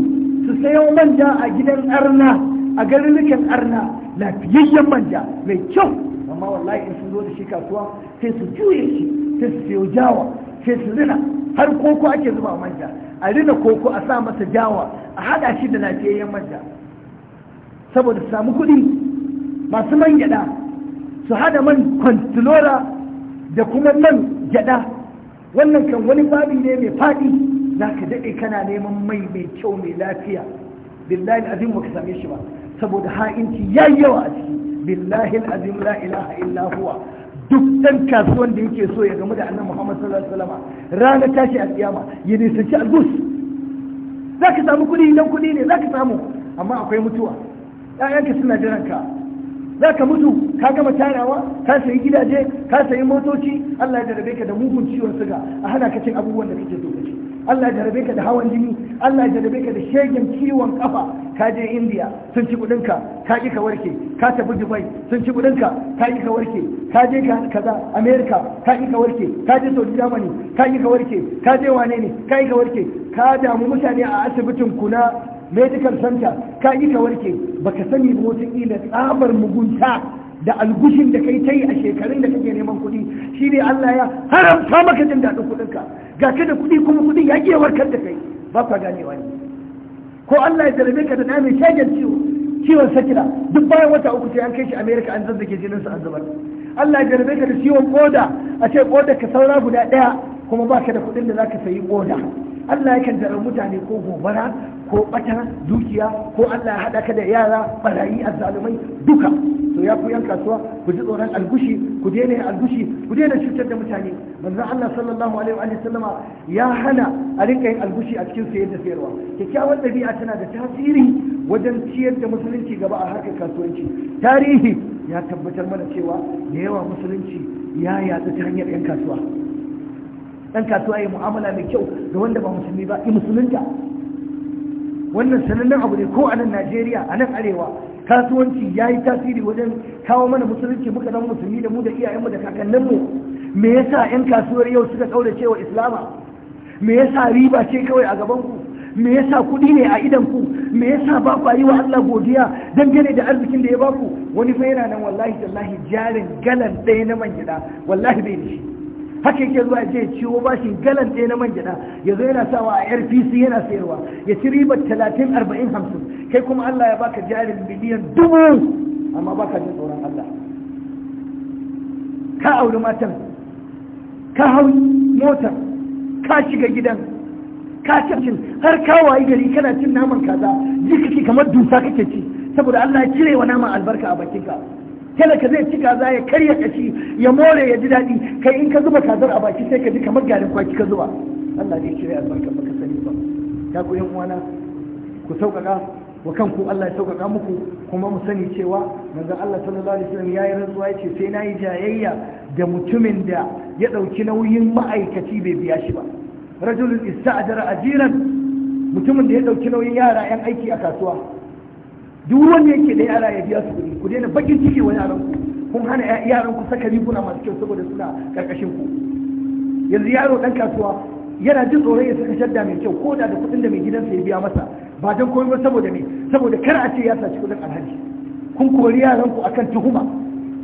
A: su sayo manja a gidan arna a garin arna lafiyayyen manja mai kyau amma wallahi in sun zo da shi kasuwa sai su juye shi sai su siyo jawa sai su rina har koko ake zuba manja a rina koko a sa masa jawa a haɗa shi da lafiyayyen manja saboda su samu kuɗi masu man gyaɗa su haɗa man kwantilora da kuma man gyaɗa wannan kan wani babi ne mai faɗi za ka daɗe kana neman mai mai kyau mai lafiya billahi azim ba ka same shi ba saboda ha'inci yayi yawa a ciki billahi alazim la ilaha illa huwa duk dan kasuwan da yake so ya gamu da annabi Muhammad sallallahu alaihi wasallam ranar tashi a kiyama ya nisanci algus ka samu kuɗi idan kuɗi ne zaka samu amma akwai mutuwa Ya'yanka suna jiran ka zaka mutu ka gama tarawa ka sayi gidaje ka sayi motoci Allah ya jarabe ka da mugun ciwon suga a hana ka cin abubuwan da kake so ka ci Allah ya jarabe ka da hawan jini Allah ya jarabe ka da shegen ciwon kafa ka je india sun ci kudinka ka ji ka warke ka tafi dubai sun ci kudinka ka ji ka warke ka je kaza america ka ji ka warke ka je saudi germany ka ji ka warke ka je wane ne ka ji ka warke ka damu mutane a asibitin ku medical center ka ji ka warke baka sani ba wata ila tsabar mugunta da algushin da kai ta a shekarun da kake neman kuɗi shi ne Allah ya haramta maka jin daɗin kuɗinka ga ka da kuɗi kuma kuɗin ya iya warkar da kai ba ka ganewa ne ko Allah ya jarabe ka da ɗa mai shagen ciwo ciwon sakila duk bayan wata uku sai an kai shi Amerika an zazzage jinin sa an Allah ya jarabe ka da ciwon koda a ce koda ka saura guda ɗaya kuma ba ka da kuɗin da za ka sayi koda Allah ya kan jarar mutane ko gobara ko bata dukiya ko Allah ya haɗa ka da yara barayi zalumai duka to ya ku yan kasuwa ku ji tsoron algushi ku daina yin algushi ku daina cutar da mutane manzo Allah sallallahu alaihi wa sallama ya hana a rinka yin algushi a cikin sayar da sayarwa kyakkyawar ɗabi'a tana da tasiri wajen ciyar da musulunci gaba a harkar kasuwanci tarihi ya tabbatar mana cewa da yawa musulunci ya yaɗu ta hanyar 'yan kasuwa dan kasuwa ya mu'amala mai kyau ga wanda ba musulmi ba ya musulunta wannan sanannen abu ne ko a nan najeriya a nan arewa kasuwanci ya yi tasiri wajen kawo mana musulunci muka zama musulmi da mu da iyayenmu da kakanninmu me yasa 'yan kasuwar yau suka kaura cewa islama me yasa riba ce kawai a gabanku me yasa kuɗi ne a ku? me yasa ba ku yi wa Allah godiya gane da arzikin da ya baku wani fa yana nan wallahi tallahi jarin galan ɗaya na man gida wallahi bai da shi haka yake zuwa ce ciwo bashin galan ɗaya na man gyaɗa ya zo yana sawa a rpc yana sayarwa ya ci ribar talatin arba'in hamsin kai kuma allah ya baka jarin miliyan dubu amma baka jin tsoron allah ka auri matan ka hau motar ka shiga gidan ka cin har ka wayi gari kana cin naman kaza ji kake kamar dusa kake ci saboda allah ya cire wa naman albarka a bakinka talaka zai ci kaza ya karya kashi ya more ya ji daɗi kai in ka zuba kazar a baki sai ka ji kamar garin kwaki ka zuba Allah ne kira albarka baka sani ba ya ku yan uwana ku sauƙaƙa wa kanku Allah ya sauƙaƙa muku kuma mu sani cewa manzo Allah sallallahu alaihi wasallam yayi rantsuwa yace sai nayi jayayya da mutumin da ya ɗauki nauyin ma'aikaci bai biya shi ba rajulun ista'jara ajiran mutumin da ya ɗauki nauyin yara yan aiki a kasuwa duk wanda yake da yara ya biya su kuɗi ku daina bakin ciki wa yaran ku kun hana yaran ku saka riguna masu kyau saboda suna karkashin ku yanzu yaro dan kasuwa yana jin tsoron ya saka shadda mai kyau ko da kuɗin da mai gidansa ya biya masa ba don komai ba saboda me saboda kar a ce ya saci kuɗin alhaji kun kori yaran ku akan tuhuma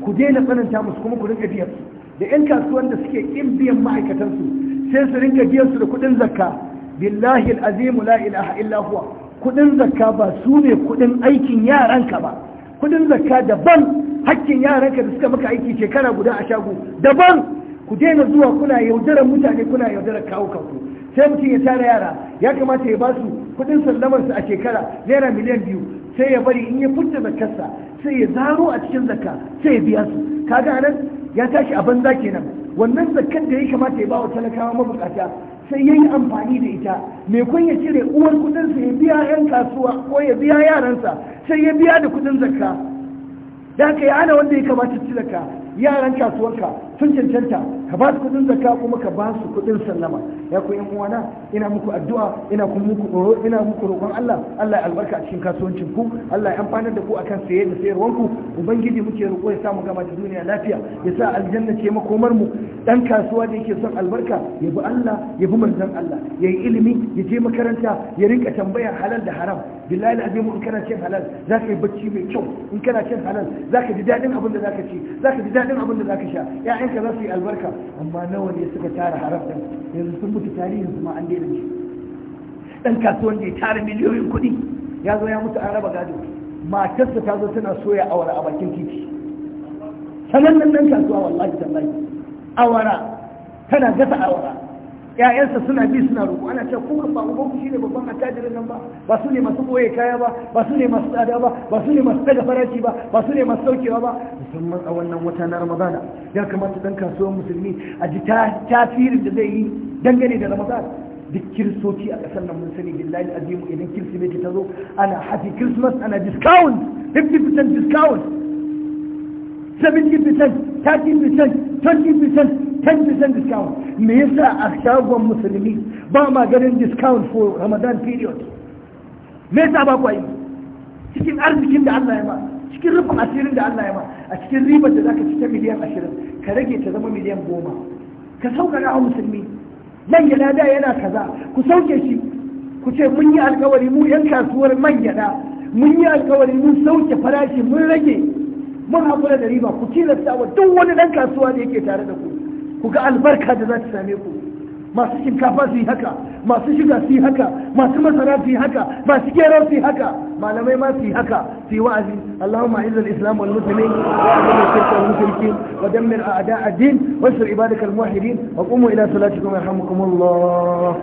A: ku daina tsananta musu kuma ku rinka biyan da yan kasuwan da suke kin biyan ma'aikatansu sai su rinka biyan su da kuɗin zakka billahi al'azimu la ilaha illa huwa kudin zakka ba su ne kudin aikin yaranka ba kudin zakka daban hakkin yaranka da suka maka aiki shekara guda a shago daban ku daina zuwa kuna yaudarar mutane kuna yaudarar kawo kanku sai mutum ya tara yara ya kamata ya ba su kudin sallamarsu a shekara naira miliyan biyu sai ya bari in ya fita zakarsa sai ya zaro a cikin zakka sai ya biya su kaga anan ya tashi a banza kenan wannan zakkar da ya kamata ya ba wa talakawa mabukata sai ya yi amfani da ita me kun ya cire uwar kudinsa ya biya 'yan kasuwa ko ya biya yaransa sai ya biya da kudin zakka da ka yi ana wanda ya kamata ci zakka yaran kasuwarka? sun cancanta ka ba su kudin zakka kuma ka ba su kudin sallama ya ku yan uwana ina muku addu'a ina kuma muku ina muku roƙon Allah Allah ya albarka a cikin kasuwancin ku Allah ya amfanar da ku akan saye da sayarwar ku ubangiji muke roƙo ya samu gama da duniya lafiya ya sa aljanna ce makomar mu dan kasuwa da yake son albarka ya bi Allah ya bi manzon Allah ya yi ilimi ya je makaranta ya rinka tambaya halal da haram billahi alazim in kana cin halal ka yi bacci mai kyau in kana cin halal ka ji dadin abin da ka ci zaka ji dadin abin da zaka sha ya'yan haka za su yi albarka amma nawa ne suka tara harafin yanzu sun mutu tarihin su ma an daina shi dan kasuwan da ya tara miliyoyin kuɗi ya zo ya mutu a raba gado matarsa ta zo tana soya awara a bakin titi sanannen nan kasuwa wallahi tallahi awara tana gasa awara ƴaƴansa suna bi suna roƙo ana cewa kuma ba uban ku babban attajirin nan ba ba su ne masu boye kaya ba ba su ne masu tsada ba ba su ne masu daga farashi ba ba su ne masu saukewa ba musamman a wannan wata na ramadana ya kamata dan kasuwar musulmi a ji tasirin da zai yi dangane da ramadana duk kiristoci a ƙasar nan mun sani billahi azimu idan kirsimeti ta zo ana happy christmas ana discount 50% discount 70% 30% 20% 10% discount me yasa a shagon musulmi ba ma ganin discount for ramadan period me yasa ba kwayi cikin arzikin da Allah ya ba cikin rufin asirin da Allah ya ba a cikin ribar da zaka ci ta miliyan 20 ka rage ta zama miliyan 10 ka sauƙaƙa a musulmi man gyaɗa da yana kaza ku sauke shi ku ce mun yi alkawari mu yan kasuwar man mun yi alkawari mun sauke farashi mun rage mun hakura da riba ku tilasta wa duk wani dan kasuwa da yake tare da ku ku ga albarka da za ta same ku masu shinkafa su yi haka masu shiga su yi haka masu masara su yi haka masu gero su yi haka malamai ma su yi haka su yi wa'azi Allahumma a'izz al-islam wal muslimin wa a'izz al-shirk wal mushrikin wa dammir a'da' ad-din wa ansur ibadak al-muwahhidin wa qumu ila salatikum yarhamukum